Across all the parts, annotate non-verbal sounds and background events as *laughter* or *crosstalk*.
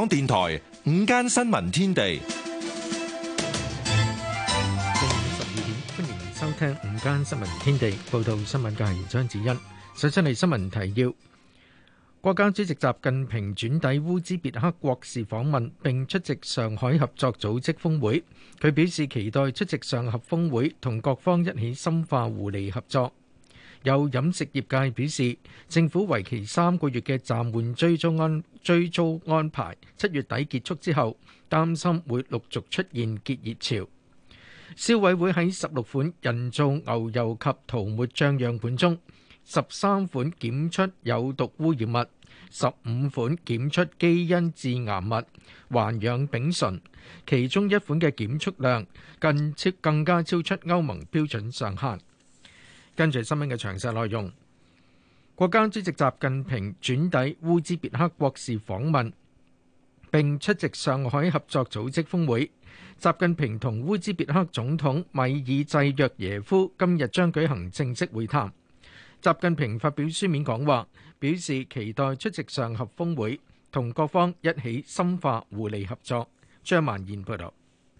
香港電台午間新聞天地，下午十二點，歡迎收聽午間新聞天地。報道新聞嘅係張子欣，首先嚟新聞提要：國家主席習近平轉抵烏茲別克國事訪問，並出席上海合作組織峰會。佢表示期待出席上合峰會，同各方一起深化互利合作。有飲食業界表示，政府為期三個月嘅暫緩追蹤安追蹤安排，七月底結束之後，擔心會陸續出現結業潮。消委會喺十六款人造牛油及塗抹醬樣本中，十三款檢出有毒污染物，十五款檢出基因致癌物環氧丙醇，其中一款嘅檢出量更超更加超出歐盟標準上限。跟住新聞嘅詳細內容，國家主席習近平轉抵烏茲別克國事訪問，並出席上海合作組織峰會。習近平同烏茲別克總統米爾濟約耶夫今日將舉行正式會談。習近平發表書面講話，表示期待出席上合峰會，同各方一起深化互利合作。張曼燕報道。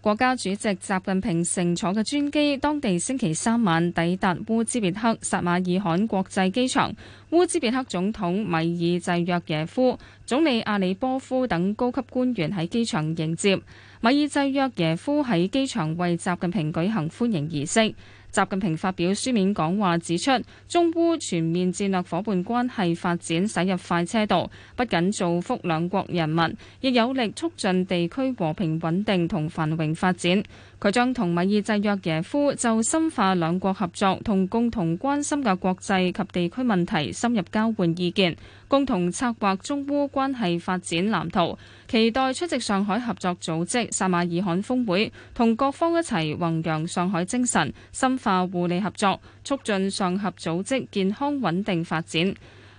國家主席習近平乘坐嘅專機，當地星期三晚抵達烏茲別克薩馬爾罕國際機場。烏茲別克總統米爾濟約耶夫、總理阿里波夫等高級官員喺機場迎接。米爾濟約耶夫喺機場為習近平舉行歡迎儀式。習近平發表書面講話指出，中烏全面戰略夥伴關係發展駛入快車道，不僅造福兩國人民，亦有力促進地區和平穩定同繁榮發展。佢將同米爾濟約耶夫就深化兩國合作同共同關心嘅國際及地區問題深入交換意見，共同策劃中烏關係發展藍圖。期待出席上海合作組織薩馬爾罕峰會，同各方一齊弘揚上海精神，深化互利合作，促進上合組織健康穩定發展。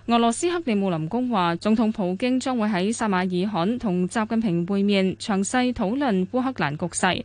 俄羅斯克里姆林宮話，總統普京將會喺薩馬爾罕同習近平會面，詳細討論烏克蘭局勢。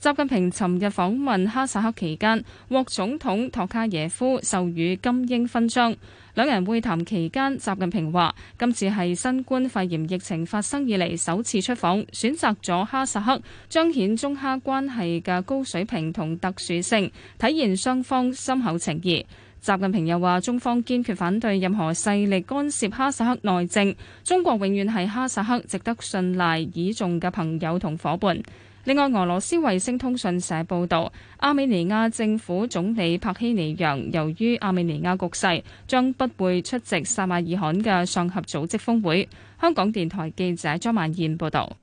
習近平尋日訪問哈薩克期間，獲總統托卡耶夫授予金鷹勳章。兩人會談期間，習近平話：今次係新冠肺炎疫情發生以嚟首次出訪，選擇咗哈薩克，彰顯中哈關係嘅高水平同特殊性，體現雙方深厚情誼。習近平又話：中方堅決反對任何勢力干涉哈薩克內政，中國永遠係哈薩克值得信賴倚重嘅朋友同夥伴。另外，俄羅斯衛星通訊社報導，阿美尼亞政府總理帕希尼揚由於阿美尼亞局勢，將不會出席薩馬爾罕嘅上合組織峯會。香港電台記者張曼燕報導。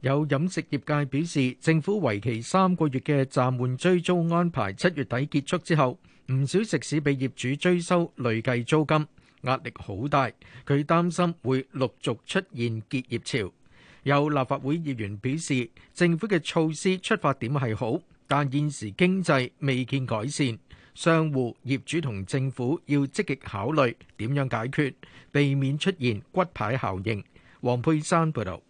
有飲食業界表示，政府為期三個月嘅暫緩追租安排，七月底結束之後，唔少食肆被業主追收累計租金，壓力好大。佢擔心會陸續出現結業潮。有立法會議員表示，政府嘅措施出發點係好，但現時經濟未見改善，商戶業主同政府要積極考慮點樣解決，避免出現骨牌效應。黃佩珊報導。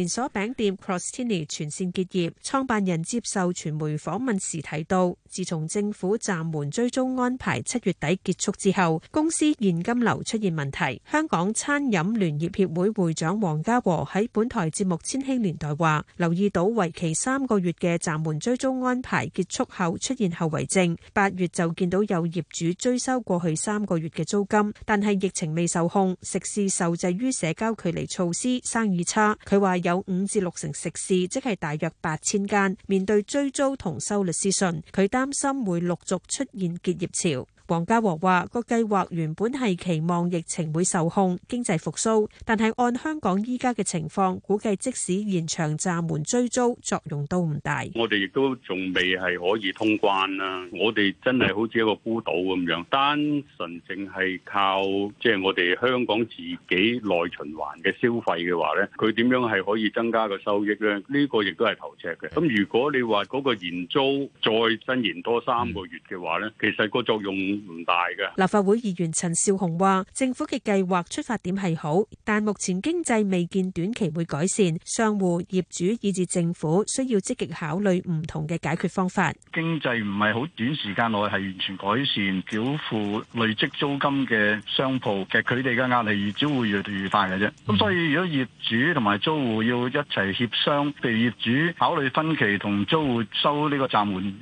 連鎖餅店 CrossTiny 全線結業，創辦人接受傳媒訪問時提到，自從政府暫緩追租安排七月底結束之後，公司現金流出現問題。香港餐飲聯業協會會長黃家和喺本台節目《千禧年代》話，留意到為期三個月嘅暫緩追租安排結束後出現後遺症，八月就見到有業主追收過去三個月嘅租金，但係疫情未受控，食肆受制於社交距離措施，生意差。佢話有。有五至六成食肆，即係大約八千間，面對追租同收律師信，佢擔心會陸續出現結業潮。王家和話：個計劃原本係期望疫情會受控，經濟復甦，但係按香港依家嘅情況，估計即使延長暫緩追租，作用都唔大。我哋亦都仲未係可以通關啦，我哋真係好似一個孤島咁樣，單純淨係靠即係我哋香港自己內循環嘅消費嘅話咧，佢點樣係可以增加個收益咧？呢個亦都係頭赤嘅。咁如果你話嗰個延租再伸延多三個月嘅話咧，其實個作用。唔大嘅。立法會議員陳少雄話政府嘅計劃出發點係好，但目前經濟未見短期會改善，商戶業主以至政府需要積極考慮唔同嘅解決方法。經濟唔係好短時間內係完全改善，繳付累積租金嘅商鋪嘅佢哋嘅壓力而只會越嚟越大嘅啫。咁所以如果業主同埋租戶要一齊協商，譬如業主考慮分期同租戶收呢個暫緩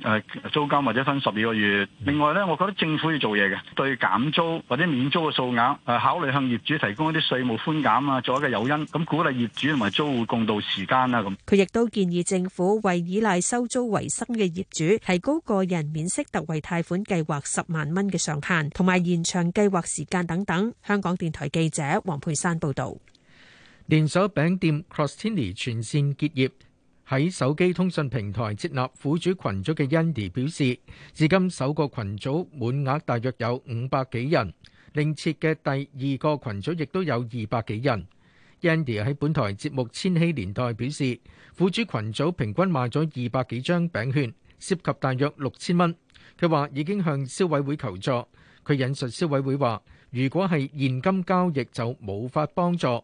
誒租金或者分十二個月。另外咧，我覺得政府。於做嘢嘅對減租或者免租嘅數額誒，考慮向業主提供一啲稅務寬減啊，做一個誘因咁鼓勵業主同埋租戶共度時間啦。咁佢亦都建議政府為依賴收租為生嘅業主提高個人免息特惠貸款計劃十萬蚊嘅上限，同埋延長計劃時間等等。香港電台記者黃佩珊報道。連鎖餅店 Crostini 全線結業。喺手機通訊平台設立苦主群組嘅 Andy 表示，至今首個群組滿額大約有五百幾人，另設嘅第二個群組亦都有二百幾人。Andy 喺本台節目《千禧年代》表示，苦主群組平均賣咗二百幾張餅券，涉及大約六千蚊。佢話已經向消委會求助，佢引述消委會話：如果係現金交易就無法幫助。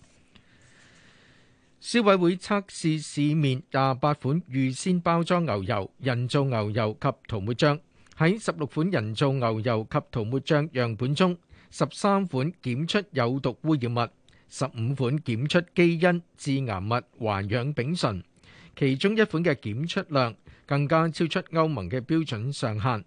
消委會測試市面廿八款預先包裝牛油、人造牛油及塗抹醬，喺十六款人造牛油及塗抹醬樣本中，十三款檢出有毒污染物，十五款檢出基因致癌物環氧丙醇，其中一款嘅檢出量更加超出歐盟嘅標準上限。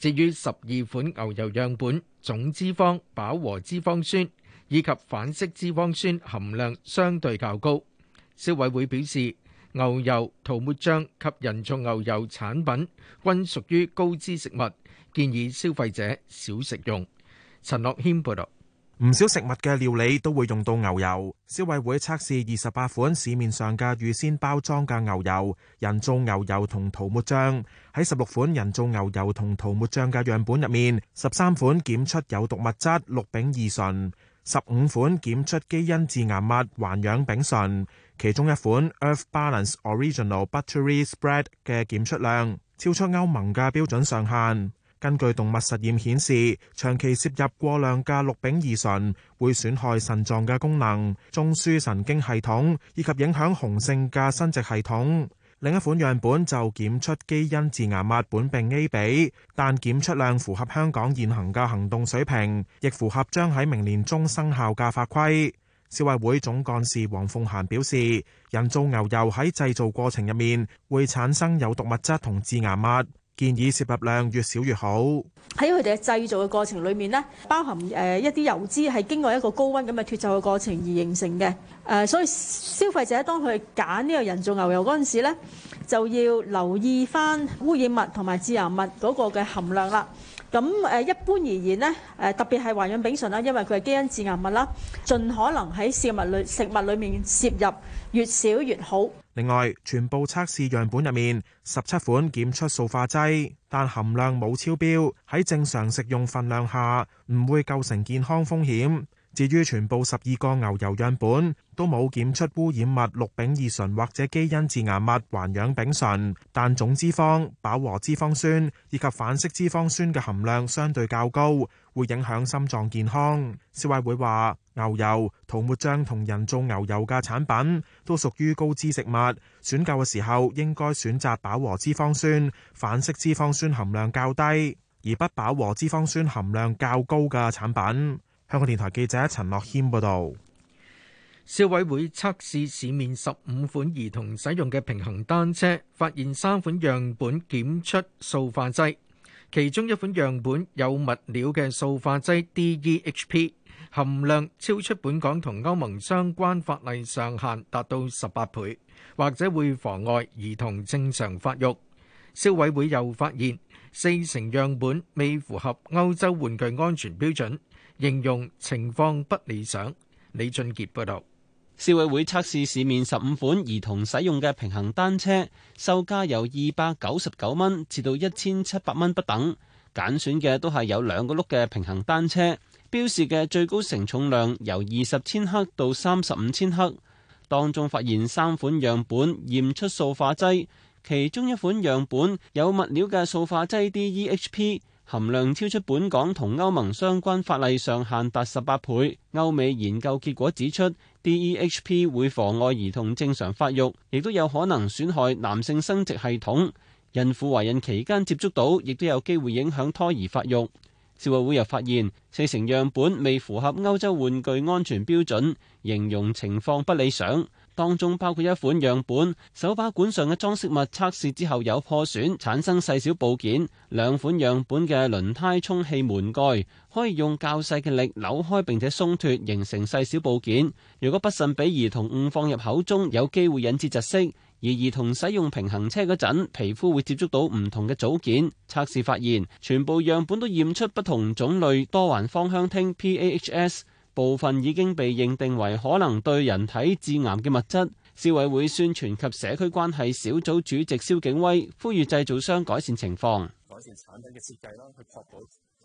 至於十二款牛油樣本，總脂肪、飽和脂肪酸以及反式脂肪酸含量相對較高。消委會表示，牛油、塗抹醬及人造牛油產品均屬於高脂食物，建議消費者少食用。陳樂謙報道，唔少食物嘅料理都會用到牛油。消委會測試二十八款市面上嘅預先包裝嘅牛油、人造牛油同塗抹醬。喺十六款人造牛油同塗抹醬嘅樣本入面，十三款檢出有毒物質六丙二醇，十五款檢出基因致癌物環氧丙醇。其中一款 Earth Balance Original Buttery Spread 嘅檢出量超出歐盟嘅標準上限。根據動物實驗顯示，長期攝入過量嘅氯丙二醇會損害腎臟嘅功能、中樞神經系統以及影響雄性嘅生殖系統。另一款樣本就檢出基因致癌物苯並芘，但檢出量符合香港現行嘅行動水平，亦符合將喺明年中生效嘅法規。消委會總幹事黃鳳嫻表示，人造牛油喺製造過程入面會產生有毒物質同致癌物，建議攝入量越少越好。喺佢哋嘅製造嘅過程裏面咧，包含誒一啲油脂係經過一個高溫咁嘅脫皺嘅過程而形成嘅。誒，所以消費者當佢揀呢個人造牛油嗰陣時咧，就要留意翻污染物同埋致癌物嗰個嘅含量啦。咁誒一般而言呢，誒特別係環氧丙醇啦，因為佢係基因致癌物啦，盡可能喺食物裏食物裏面攝入越少越好。另外，全部測試樣本入面十七款檢出塑化劑，但含量冇超標，喺正常食用份量下唔會構成健康風險。至於全部十二個牛油樣本都冇檢出污染物，氯丙二醇或者基因致癌物環氧丙醇，但總脂肪、飽和脂肪酸以及反式脂肪酸嘅含量相對較高，會影響心臟健康。消委會話，牛油、塗抹醬同人造牛油嘅產品都屬於高脂食物，選購嘅時候應該選擇飽和脂肪酸、反式脂肪酸含量較低，而不飽和脂肪酸含量較高嘅產品。香港電台記者陳樂謙報道，消委會測試市面十五款兒童使用嘅平衡單車，發現三款樣本檢出塑化劑，其中一款樣本有物料嘅塑化劑 DEHP 含量超出本港同歐盟相關法例上限，達到十八倍，或者會妨礙兒童正常發育。消委會又發現四成樣本未符合歐洲玩具安全標準。形容情況不理想。李俊杰報導，消委會測試市面十五款兒童使用嘅平衡單車，售價由二百九十九蚊至到一千七百蚊不等。揀選嘅都係有兩個碌嘅平衡單車，標示嘅最高承重量由二十千克到三十五千克。當中發現三款樣本驗出塑化劑，其中一款樣本有物料嘅塑化劑 DEHP。含量超出本港同歐盟相關法例上限，達十八倍。歐美研究結果指出，DEHP 會妨礙兒童正常發育，亦都有可能損害男性生殖系統，孕婦懷孕期間接觸到，亦都有機會影響胎兒發育。消委會又發現四成樣本未符合歐洲玩具安全標準，形容情況不理想。當中包括一款樣本手把管上嘅裝飾物，測試之後有破損，產生細小部件；兩款樣本嘅輪胎充氣門蓋可以用較細嘅力扭開並且鬆脱，形成細小部件。如果不慎俾兒童誤放入口中，有機會引致窒息。而兒童使用平衡車嗰陣，皮膚會接觸到唔同嘅組件。測試發現，全部樣本都驗出不同種類多環芳香烴 （PAHs）。部分已經被認定為可能對人體致癌嘅物質，消委會宣傳及社區關係小組主席蕭景威呼籲製造商改善情況，改善產品嘅設計啦，去確保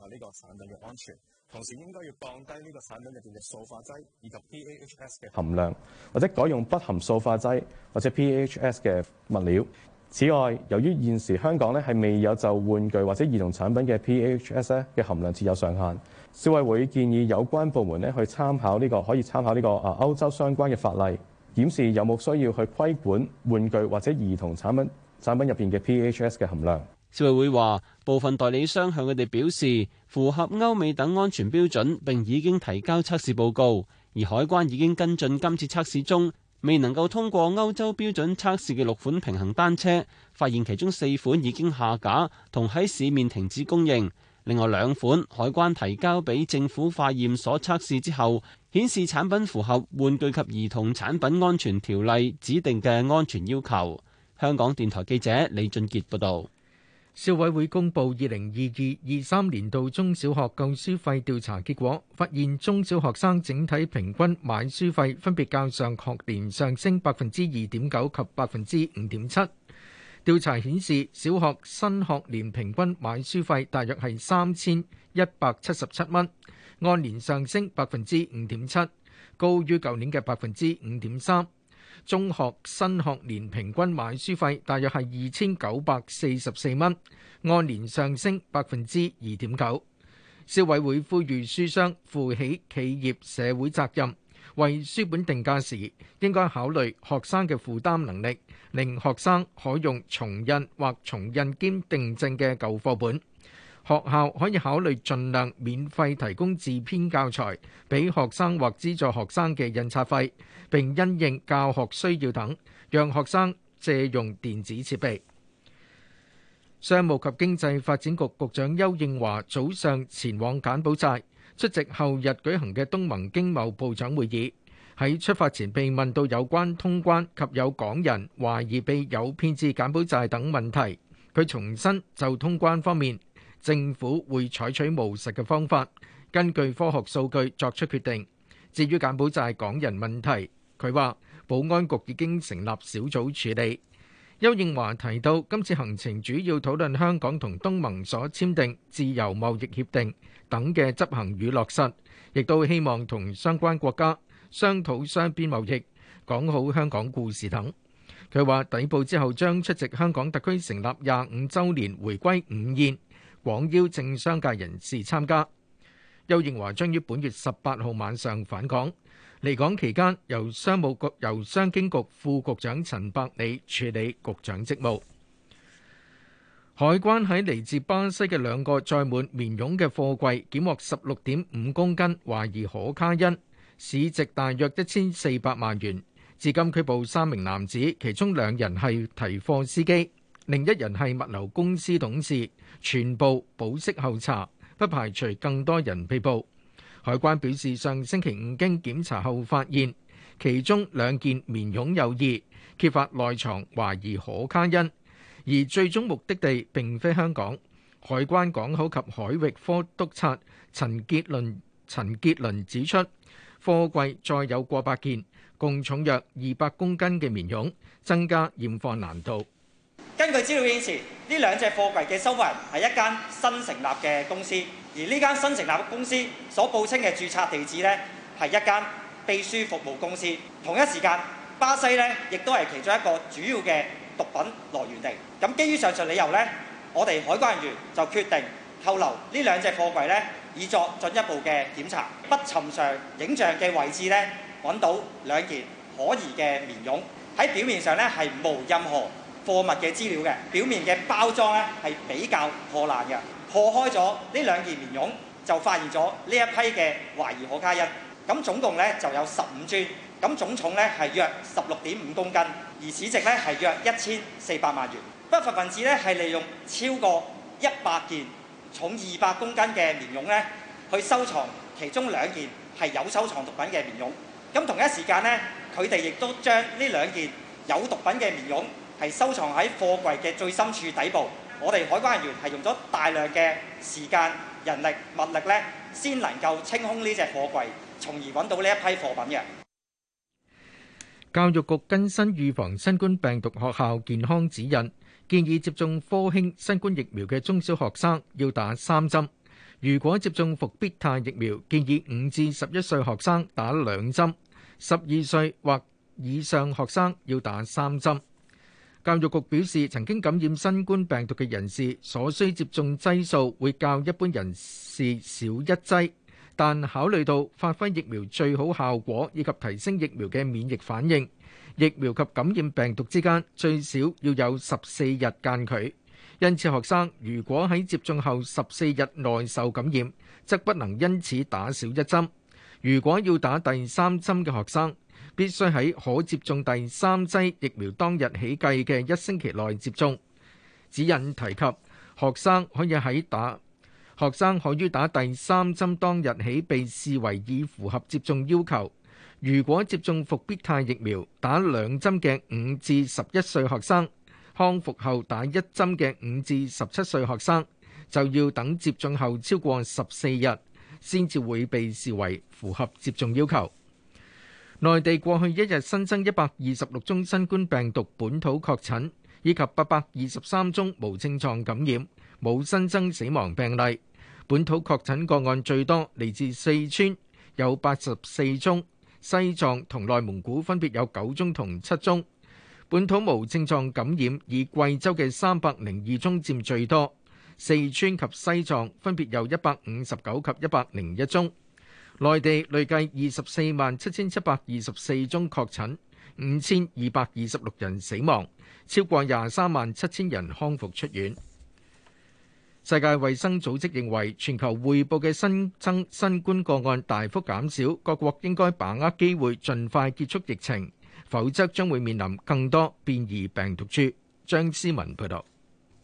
啊呢個產品嘅安全，同時應該要降低呢個產品入邊嘅塑化劑以及 PHS 嘅含量，或者改用不含塑化劑或者 PHS 嘅物料。此外，由於現時香港咧係未有就玩具或者兒童產品嘅 PHS 咧嘅含量設有上限。消委會建議有關部門咧去參考呢個可以參考呢個啊歐洲相關嘅法例，檢視有冇需要去規管玩具或者兒童產品產品入邊嘅 pHs 嘅含量。消委會話，部分代理商向佢哋表示符合歐美等安全標準並已經提交測試報告。而海關已經跟進今次測試中未能夠通過歐洲標準測試嘅六款平衡單車，發現其中四款已經下架，同喺市面停止供應。另外兩款海關提交俾政府化驗所測試之後顯示產品符合玩具及兒童產品安全條例指定嘅安全要求。香港電台記者李俊杰報道。消委會公布二零二二二三年度中小學購書費調查結果，發現中小學生整體平均買書費分別較上學年上升百分之二點九及百分之五點七。調查顯示，小學新學年平均買書費大約係三千一百七十七蚊，按年上升百分之五點七，高於舊年嘅百分之五點三。中學新學年平均買書費大約係二千九百四十四蚊，按年上升百分之二點九。消委會呼籲書商負起企業社會責任。為書本定價時，應該考慮學生嘅負擔能力，令學生可用重印或重印兼訂正嘅舊課本。學校可以考慮盡量免費提供自編教材，俾學生或資助學生嘅印刷費，並因應教學需要等，讓學生借用電子設備。商務及經濟發展局局長丘應樺早上前往柬埔寨。出席後日舉行嘅東盟經貿部長會議，喺出發前被問到有關通關及有港人懷疑被有騙至柬埔寨等問題，佢重申就通關方面，政府會採取務實嘅方法，根據科學數據作出決定。至於柬埔寨港人問題，佢話保安局已經成立小組處理。邱應華提到，今次行程主要討論香港同東盟所簽訂自由貿易協定等嘅執行與落實，亦都希望同相關國家商討雙邊貿易，講好香港故事等。佢話抵埗之後將出席香港特區成立廿五周年回歸午宴，廣邀政商界人士參加。邱應華將於本月十八號晚上返港。離港期間，由商務局由商經局副局長陳百里處理局長職務。海關喺嚟自巴西嘅兩個載滿棉絨嘅貨櫃，檢獲十六點五公斤懷疑可卡因，市值大約一千四百萬元。至今拘捕三名男子，其中兩人係提貨司機，另一人係物流公司董事，全部保釋候查，不排除更多人被捕。海關表示，上星期五經檢查後發現其中兩件棉絨有異，揭發內藏，懷疑可卡因，而最終目的地並非香港。海關港口及海域科督察陳傑倫陳傑倫指出，貨櫃再有過百件，共重約二百公斤嘅棉絨，增加驗貨難度。根據資料顯示，呢兩隻貨櫃嘅收貨人係一間新成立嘅公司。而呢間新成立公司所報稱嘅註冊地址咧，係一間秘書服務公司。同一時間，巴西咧亦都係其中一個主要嘅毒品來源地。咁基於上述理由咧，我哋海關人員就決定扣留呢兩隻貨櫃咧，以作進一步嘅檢查。不尋常影像嘅位置咧，揾到兩件可疑嘅棉絨，喺表面上咧係冇任何貨物嘅資料嘅，表面嘅包裝咧係比較破爛嘅。破開咗呢兩件棉絨，就發現咗呢一批嘅懷疑可卡因，咁總共咧就有十五磚，咁總重咧係約十六點五公斤，而市值咧係約一千四百萬元。不法分子咧係利用超過一百件重二百公斤嘅棉絨咧，去收藏其中兩件係有收藏毒品嘅棉絨，咁同一時間咧，佢哋亦都將呢兩件有毒品嘅棉絨係收藏喺貨櫃嘅最深處底部。我哋海關人員係用咗大量嘅時間、人力、物力咧，先能夠清空呢隻貨櫃，從而揾到呢一批貨品嘅。教育局更新預防新冠病毒學校健康指引，建議接種科興新冠疫苗嘅中小學生要打三針。如果接種復必泰疫苗，建議五至十一歲學生打兩針，十二歲或以上學生要打三針。教育局表示，曾經感染新冠病毒嘅人士所需接種劑數會較一般人士少一劑，但考慮到發揮疫苗最好效果以及提升疫苗嘅免疫反應，疫苗及感染病毒之間最少要有十四日間距。因此，學生如果喺接種後十四日內受感染，則不能因此打少一針。如果要打第三針嘅學生，必須喺可接種第三劑疫苗當日起計嘅一星期內接種。指引提及，學生可以喺打學生可於打第三針當日起被視為已符合接種要求。如果接種復必泰疫苗，打兩針嘅五至十一歲學生，康復後打一針嘅五至十七歲學生，就要等接種後超過十四日先至會被視為符合接種要求。內地過去一日新增一百二十六宗新冠病毒本土確診，以及八百二十三宗無症狀感染，冇新增死亡病例。本土確診個案最多嚟自四川，有八十四宗；西藏同內蒙古分別有九宗同七宗。本土無症狀感染以貴州嘅三百零二宗佔最多，四川及西藏分別有一百五十九及一百零一宗。內地累計二十四萬七千七百二十四宗確診，五千二百二十六人死亡，超過廿三萬七千人康復出院。世界衛生組織認為，全球匯報嘅新增新冠個案大幅減少，各國應該把握機會，盡快結束疫情，否則將會面臨更多變異病毒株。張詩文報道。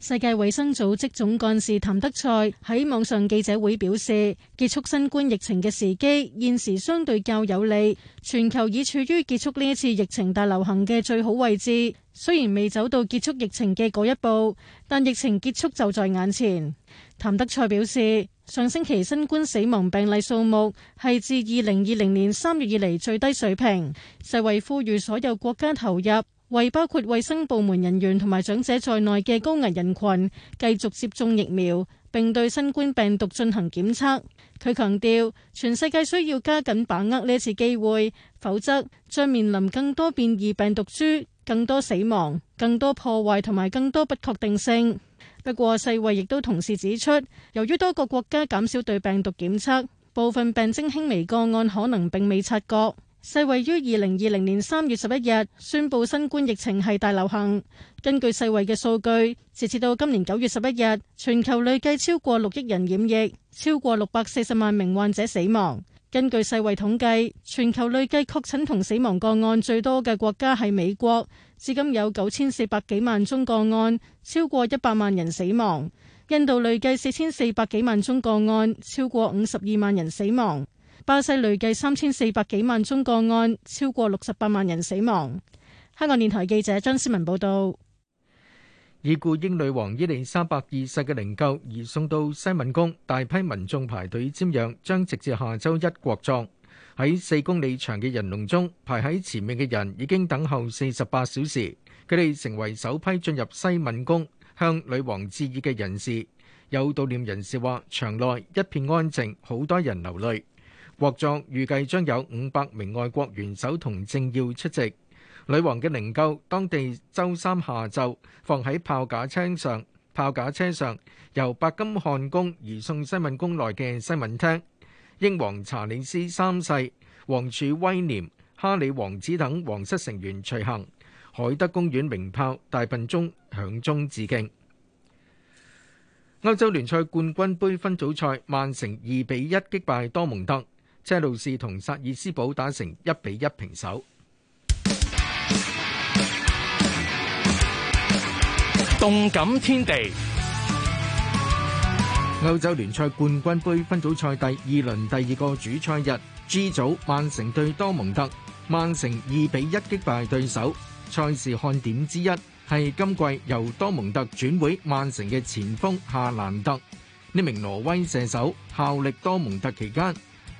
世界衛生組織總幹事譚德賽喺網上記者會表示，結束新冠疫情嘅時機現時相對較有利，全球已處於結束呢一次疫情大流行嘅最好位置。雖然未走到結束疫情嘅嗰一步，但疫情結束就在眼前。譚德賽表示，上星期新冠死亡病例數目係自二零二零年三月以嚟最低水平，世衛呼籲所有國家投入。為包括衛生部門人員同埋長者在內嘅高危人群繼續接種疫苗，並對新冠病毒進行檢測。佢強調，全世界需要加緊把握呢次機會，否則將面臨更多變異病毒株、更多死亡、更多破壞同埋更多不確定性。不過，世衛亦都同時指出，由於多個國家減少對病毒檢測，部分病徵輕微個案可能並未察覺。世衛於二零二零年三月十一日宣布新冠疫情係大流行。根據世衛嘅數據，截至到今年九月十一日，全球累計超過六億人染疫，超過六百四十萬名患者死亡。根據世衛統計，全球累計確診同死亡個案最多嘅國家係美國，至今有九千四百幾萬宗個案，超過一百萬人死亡。印度累計四千四百幾萬宗個案，超過五十二萬人死亡。巴西累計三千四百幾萬宗個案，超過六十八萬人死亡。香港電台記者張思文報道。已故英女王伊利沙伯二世嘅靈柩移送到西敏宮，大批民眾排隊瞻仰，將直至下周一國葬。喺四公里長嘅人龍中，排喺前面嘅人已經等候四十八小時。佢哋成為首批進入西敏宮向女王致意嘅人士。有悼念人士話，場內一片安靜，好多人流淚。國葬預計將有五百名外國元首同政要出席。女王嘅靈柩當地週三下晝放喺炮架車上，炮架車上由白金漢宮移送西敏宮內嘅西敏廳。英皇查理斯三世、皇儲威廉、哈里王子等皇室成員隨行。海德公園鳴炮，大笨鐘響鐘致敬。歐洲聯賽冠軍杯分組賽，曼城二比一擊敗多蒙特。車路士同薩爾斯堡打成一比一平手。動感天地。歐洲聯賽冠軍杯分組賽第二輪第二個主賽日，G 組曼城對多蒙特，曼城二比一擊敗對手。賽事看點之一係今季由多蒙特轉會曼城嘅前鋒夏蘭特。呢名挪威射手效力多蒙特期間。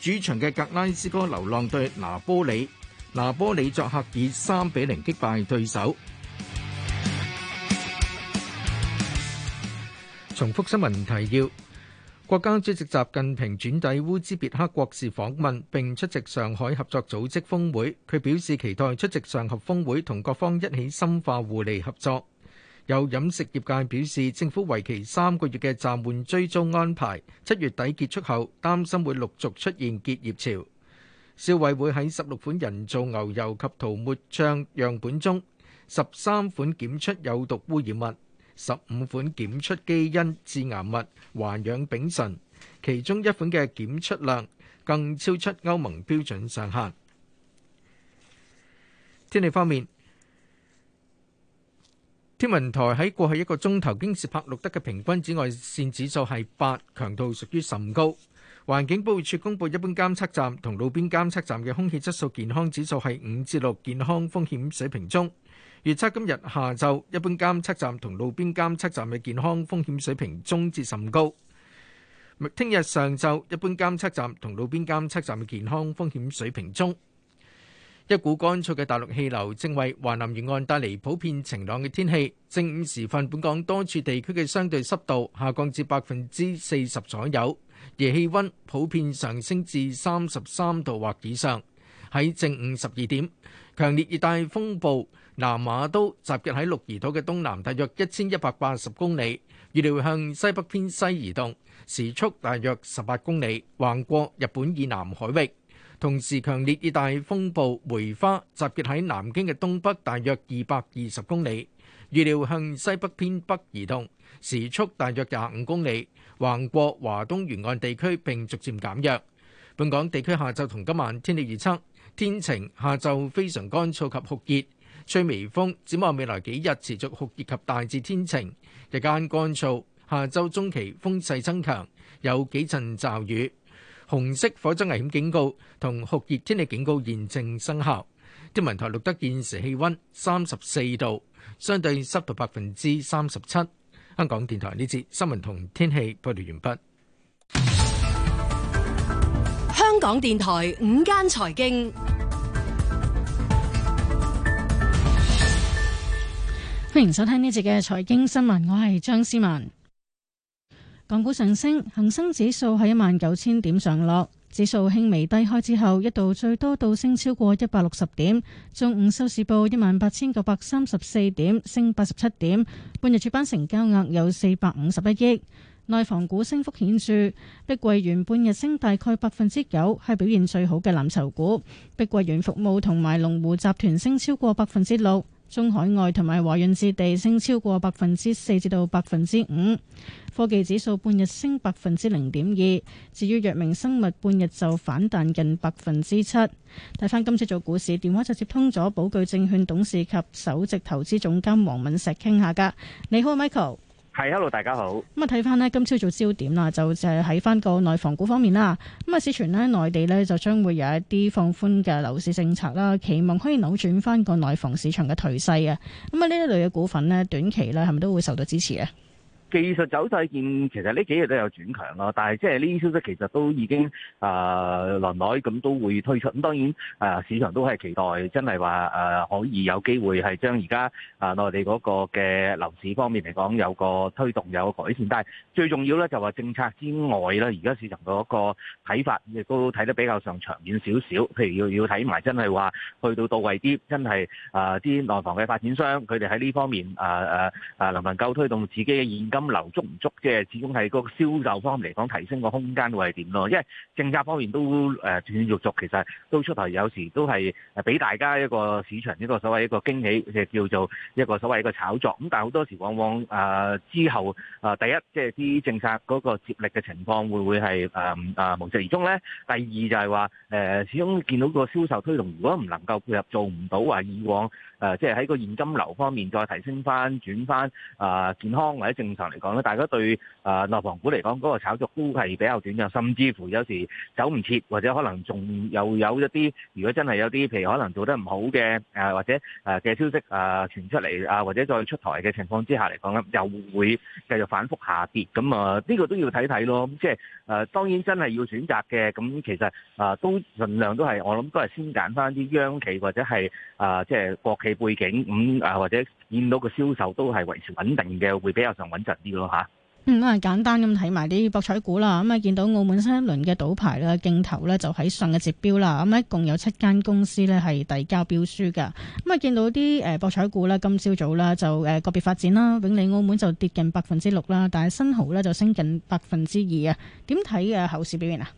主場嘅格拉斯哥流浪對拿波里，拿波里作客以三比零擊敗對手。重複新聞提要：國家主席習近平轉抵烏茲別克國事訪問，並出席上海合作組織峰會。佢表示期待出席上合峰會，同各方一起深化互利合作。有飲食業界表示，政府為期三個月嘅暫緩追蹤安排，七月底結束後，擔心會陸續出現結業潮。消委會喺十六款人造牛油及塗抹醬樣本中，十三款檢出有毒污染物，十五款檢出基因致癌物環氧丙醇，其中一款嘅檢出量更超出歐盟標準上限。天氣方面。天文台喺過去一個鐘頭京士柏錄得嘅平均紫外線指數係八，強度屬於甚高。環境保護署公布，一般監測站同路邊監測站嘅空氣質素健康指數係五至六，健康風險水平中。預測今日下晝一般監測站同路邊監測站嘅健康風險水平中至甚高。聽日上晝一般監測站同路邊監測站嘅健康風險水平中。一股乾燥嘅大陸氣流正為華南沿岸帶嚟普遍晴朗嘅天氣。正午時分，本港多處地區嘅相對濕度下降至百分之四十左右，而氣温普遍上升至三十三度或以上。喺正午十二點，強烈熱帶風暴南馬都集結喺鹿兒島嘅東南，大約一千一百八十公里，預料向西北偏西移動，時速大約十八公里，橫過日本以南海域。同時，強烈熱帶風暴梅花集結喺南京嘅東北，大約二百二十公里，預料向西北偏北移動，時速大約廿五公里，橫過華東沿岸地區並逐漸減弱。本港地區下晝同今晚天氣預測：天晴，下晝非常乾燥及酷熱，吹微風。展望未來幾日持續酷熱及大致天晴，日間乾燥，下晝中期風勢增強，有幾陣驟雨。紅色火災危險警告同酷熱天氣警告現正生效。天文台錄得現時氣溫三十四度，相對濕度百分之三十七。香港電台呢節新聞同天氣報道完畢。香港電台午間財經，歡迎收聽呢節嘅財經新聞，我係張思文。港股上升，恒生指數喺一萬九千點上落，指數輕微低開之後一度最多倒升超過一百六十點，中午收市報一萬八千九百三十四點，升八十七點。半日主板成交額有四百五十一億，內房股升幅顯著，碧桂園半日升大概百分之九，係表現最好嘅藍籌股。碧桂園服務同埋龍湖集團升超過百分之六。中海外同埋華潤置地升超過百分之四至到百分之五，科技指數半日升百分之零點二。至於藥明生物，半日就反彈近百分之七。睇翻今次做股市電話就接通咗，寶具證券董事及首席投資總監黃敏石傾下偈。你好，Michael。係，Hello 大家好。咁啊，睇翻咧，今朝早焦點啦，就係喺翻個內房股方面啦。咁啊，市場咧，內地呢，就將會有一啲放寬嘅樓市政策啦，期望可以扭轉翻個內房市場嘅頹勢啊。咁啊，呢一類嘅股份呢，短期呢係咪都會受到支持啊？技術走勢見，其實呢幾日都有轉強咯。但係即係呢啲消息其實都已經啊來來咁都會推出。咁當然啊、呃、市場都係期待真係話誒可以有機會係將而家啊內地嗰個嘅樓市方面嚟講有個推動有個改善。但係最重要咧就話、是、政策之外咧，而家市場嗰個睇法亦都睇得比較上長遠少少。譬如要要睇埋真係話去到到位啲，真係啊啲內房嘅發展商佢哋喺呢方面啊啊啊能唔能夠推動自己嘅現金。嗯、流足唔足，即係始終係個銷售方面嚟講，提升個空間會係點咯？因為政策方面都誒斷斷續續，其實都出台有時都係俾大家一個市場一個所謂一個驚喜，即係叫做一個所謂一個炒作。咁、嗯、但係好多時往往誒、呃、之後誒、呃、第一，即係啲政策嗰個接力嘅情況會唔會係誒誒無疾而終咧。第二就係話誒始終見到個銷售推動，如果唔能夠配合，做唔到話，以往。誒，即係喺個現金流方面再提升翻，轉翻啊健康或者正常嚟講咧，大家對啊內房股嚟講嗰個炒作都係比較短暫，甚至乎有時走唔切，或者可能仲又有一啲，如果真係有啲譬如可能做得唔好嘅誒，或者誒嘅消息誒傳出嚟啊，或者再出台嘅情況之下嚟講咧，又會繼續反覆下跌。咁啊，呢個都要睇睇咯。咁即係誒，當然真係要選擇嘅，咁其實啊都盡量都係我諗都係先揀翻啲央企或者係啊即係國企。背景咁啊，或者見到個銷售都係維持穩定嘅，會比較上穩陣啲咯嚇。嗯啊，簡單咁睇埋啲博彩股啦。咁啊，見到澳門新一輪嘅賭牌咧競投咧就喺上嘅接標啦。咁、啊、一共有七間公司咧係遞交標書嘅。咁啊，見到啲誒博彩股咧，今朝早啦就誒個別發展啦，永利澳門就跌近百分之六啦，但係新濠咧就升近百分之二啊。點睇嘅後市表現啊？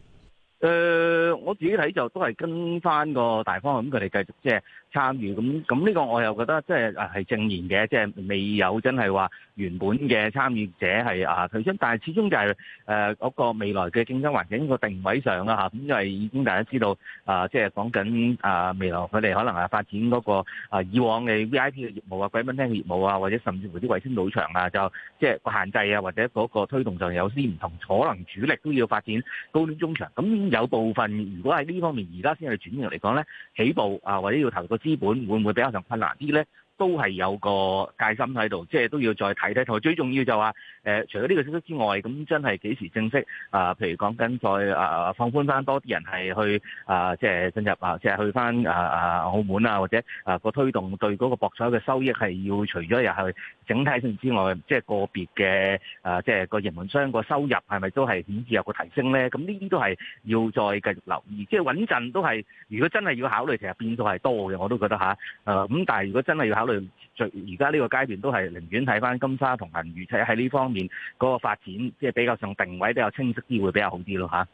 誒、呃，我自己睇就都係跟翻個大方向，佢哋繼續即係。參與咁咁呢個我又覺得即係係正面嘅，即係未有真係話原本嘅參與者係啊退出，但係始終就係誒嗰個未來嘅競爭環境個定位上啦嚇，咁因為已經大家知道啊，即係講緊啊未來佢哋可能係發展嗰個啊以往嘅 V.I.P 嘅業務啊、貴賓廳嘅業務啊，或者甚至乎啲衛星賭場啊，就即係個限制啊，或者嗰個推動上有啲唔同，可能主力都要發展高端中場。咁有部分如果喺呢方面而家先係轉型嚟講咧，起步啊或者要投個。資本會唔會比較上困難啲咧？ *noise* 都係有個戒心喺度，即係都要再睇睇。同最重要就話、是、誒、呃，除咗呢個消息，息之外，咁真係幾時正式啊、呃？譬如講緊再啊、呃、放寬翻多啲人係去、呃、啊，即係進入啊，即係去翻啊啊澳門啊，或者啊個、呃、推動對嗰個博彩嘅收益係要除咗入去整體性之外，即係個別嘅啊、呃，即係個營運商個收入係咪都係顯示有個提升咧？咁呢啲都係要再繼續留意，即係穩陣都係。如果真係要考慮，其實變數係多嘅，我都覺得吓。誒咁，但係如果真係要考慮，類最而家呢個階段都係寧願睇翻金沙同銀娛且喺呢方面嗰個發展，即係比較上定位比較清晰啲，會比較好啲咯吓。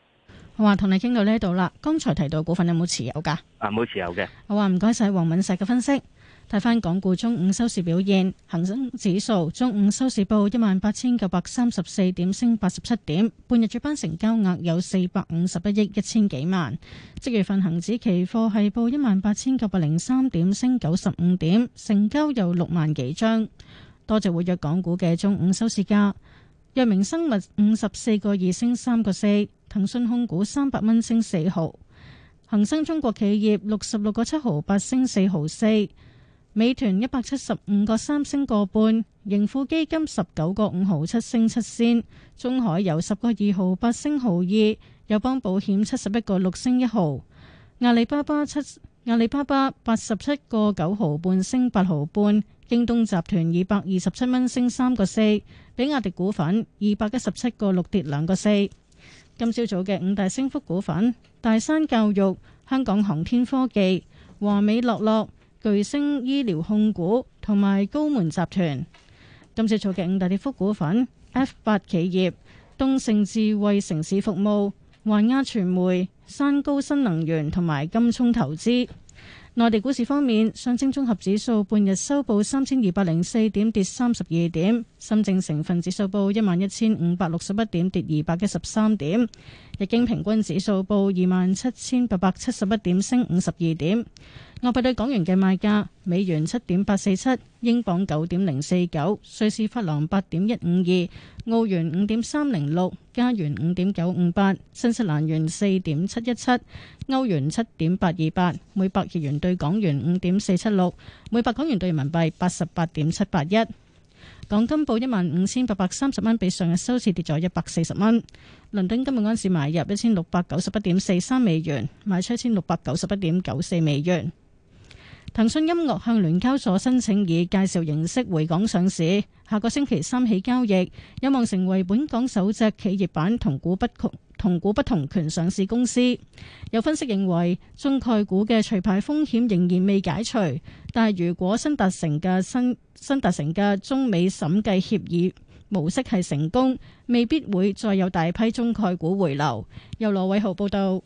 我話同你傾到呢度啦。剛才提到股份有冇持有噶？啊，冇持有嘅。我話唔該晒黃敏石嘅分析。睇返港股中午收市表現，恒生指數中午收市報一萬八千九百三十四點，升八十七點。半日主板成交額有四百五十一億一千幾萬。即月份恒指期貨係報一萬八千九百零三點，升九十五點，成交有六萬幾張。多隻活躍港股嘅中午收市價，藥明生物五十四個二升三個四，騰訊控股三百蚊升四毫，恒生中國企業六十六個七毫八升四毫四。美團一百七十五個三升個半，盈富基金十九個五毫七升七仙，中海油十個二毫八升毫二，友邦保險七十一個六升一毫，阿里巴巴七阿里巴巴八十七個九毫半升八毫半，京東集團二百二十七蚊升三個四，比亞迪股份二百一十七個六跌兩個四。今朝早嘅五大升幅股份：大山教育、香港航天科技、華美樂樂。巨星醫療控股同埋高門集團今次觸及五大跌幅股份，F 八企業東盛智慧城市服務、環亞傳媒、山高新能源同埋金蔥投資。內地股市方面，上證綜合指數半日收報三千二百零四點，跌三十二點，深證成分指數報一萬一千五百六十一點，跌二百一十三點，日經平均指數報二萬七千八百七十一點，升五十二點。外幣對港元嘅賣價：美元七點八四七，英鎊九點零四九，瑞士法郎八點一五二，澳元五點三零六，加元五點九五八，新西蘭元四點七一七，歐元七點八二八，每百日元對港元五點四七六，每百港元對人民幣八十八點七八一。港金報一萬五千八百三十蚊，比上日收市跌咗一百四十蚊。倫敦金日安市買入一千六百九十一點四三美元，賣出一千六百九十一點九四美元。騰訊音樂向聯交所申請以介紹形式回港上市，下個星期三起交易，有望成為本港首隻企業版同股不同同股不同權上市公司。有分析認為，中概股嘅除牌風險仍然未解除，但係如果新達成嘅新新達成嘅中美審計協議模式係成功，未必會再有大批中概股回流。由羅偉豪報道。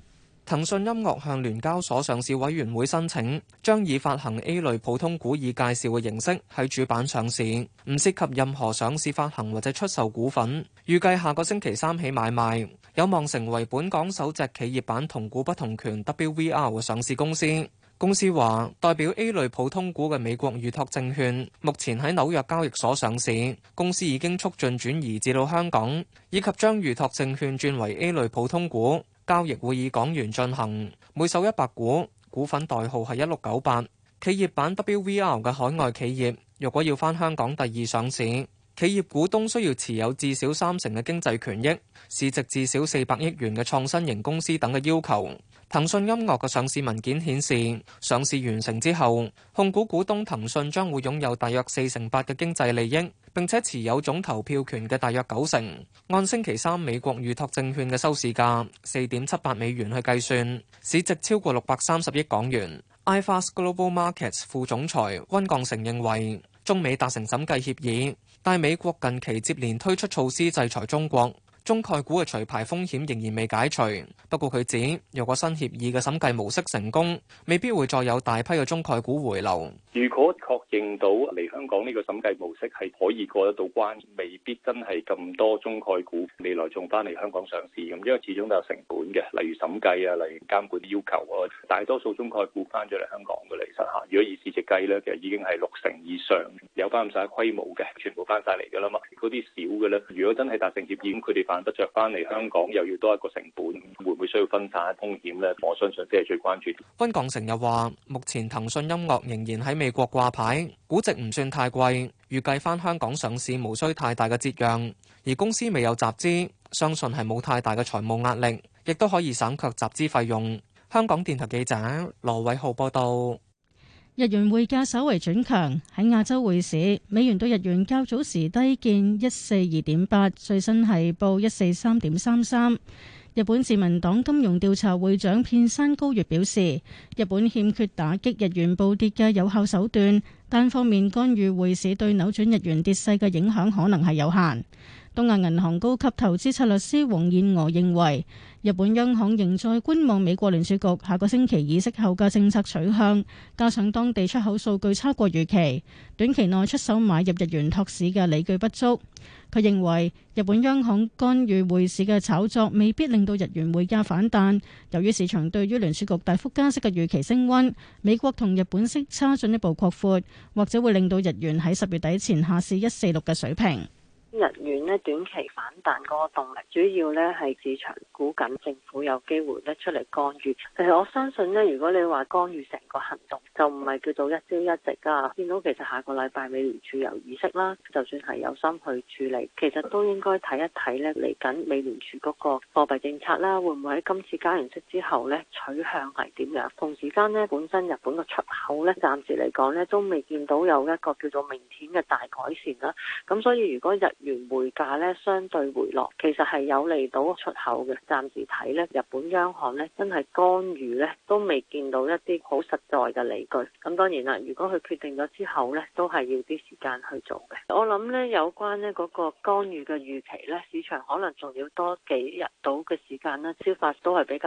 騰訊音樂向聯交所上市委員會申請，將以發行 A 類普通股以介紹嘅形式喺主板上市，唔涉及任何上市發行或者出售股份。預計下個星期三起買賣，有望成為本港首隻企業版同股不同權 （WVR） 嘅上市公司。公司話，代表 A 類普通股嘅美國預託證券目前喺紐約交易所上市，公司已經促進轉移至到香港，以及將預託證券轉為 A 類普通股。交易會以港元進行，每手一百股，股份代號係一六九八，企業版 WVR 嘅海外企業，若果要返香港第二上市，企業股東需要持有至少三成嘅經濟權益，市值至少四百億元嘅創新型公司等嘅要求。騰訊音樂嘅上市文件顯示，上市完成之後，控股股東騰訊將會擁有大約四成八嘅經濟利益，並且持有總投票權嘅大約九成。按星期三美國預託證券嘅收市價四點七八美元去計算，市值超過六百三十億港元。iFAST Global Markets 副總裁温鋼成認為，中美達成審計協議。但美國近期接連推出措施制裁中國。中概股嘅除牌風險仍然未解除，不過佢指若果新協議嘅審計模式成功，未必會再有大批嘅中概股回流。如果確認到嚟香港呢個審計模式係可以過得到關，未必真係咁多中概股未來仲翻嚟香港上市。咁因為始終都有成本嘅，例如審計啊，例如監管要求啊，大多數中概股翻咗嚟香港嘅，其實吓，如果以市值計咧，其實已經係六成以上有翻咁曬規模嘅，全部翻晒嚟嘅啦嘛。嗰啲少嘅咧，如果真係達成協議，咁佢哋反得着著翻嚟香港，又要多一個成本，會唔會需要分散風險呢？我相信啲係最關注。溫港成又話：目前騰訊音樂仍然喺美國掛牌，估值唔算太貴，預計翻香港上市無需太大嘅折讓。而公司未有集資，相信係冇太大嘅財務壓力，亦都可以省卻集資費用。香港電台記者羅偉浩報道。日元匯價稍為轉強，喺亞洲匯市，美元兌日元較早時低見一四二點八，最新係報一四三點三三。日本自民黨金融調查會長片山高月表示，日本欠缺打擊日元暴跌嘅有效手段，單方面干預匯市對扭轉日元跌勢嘅影響可能係有限。東亞銀行高級投資策略師黃燕娥認為，日本央行仍在觀望美國聯儲局下個星期議息後嘅政策取向，加上當地出口數據差過預期，短期內出手買入日元托市嘅理據不足。佢認為，日本央行干預匯市嘅炒作未必令到日元匯價反彈。由於市場對於聯儲局大幅加息嘅預期升溫，美國同日本息差進一步擴闊，或者會令到日元喺十月底前下試一四六嘅水平。日元咧短期反彈嗰個動力，主要咧係市場估緊政府有機會咧出嚟干預。其實我相信咧，如果你話干預成個行動，就唔係叫做一朝一夕噶。見到其實下個禮拜，美聯儲有議息啦，就算係有心去處理，其實都應該睇一睇咧，嚟緊美聯儲嗰個貨幣政策啦，會唔會喺今次加完息之後咧取向係點樣？同時間咧，本身日本嘅出口咧，暫時嚟講咧都未見到有一個叫做明顯嘅大改善啦。咁所以如果日元匯價咧相對回落，其實係有利到出口嘅。暫時睇咧，日本央行咧真係干預咧，都未見到一啲好實在嘅理據。咁當然啦，如果佢決定咗之後咧，都係要啲時間去做嘅。我諗咧，有關呢嗰、嗰個干預嘅預期咧，市場可能仲要多幾日到嘅時間啦，消化都係比較。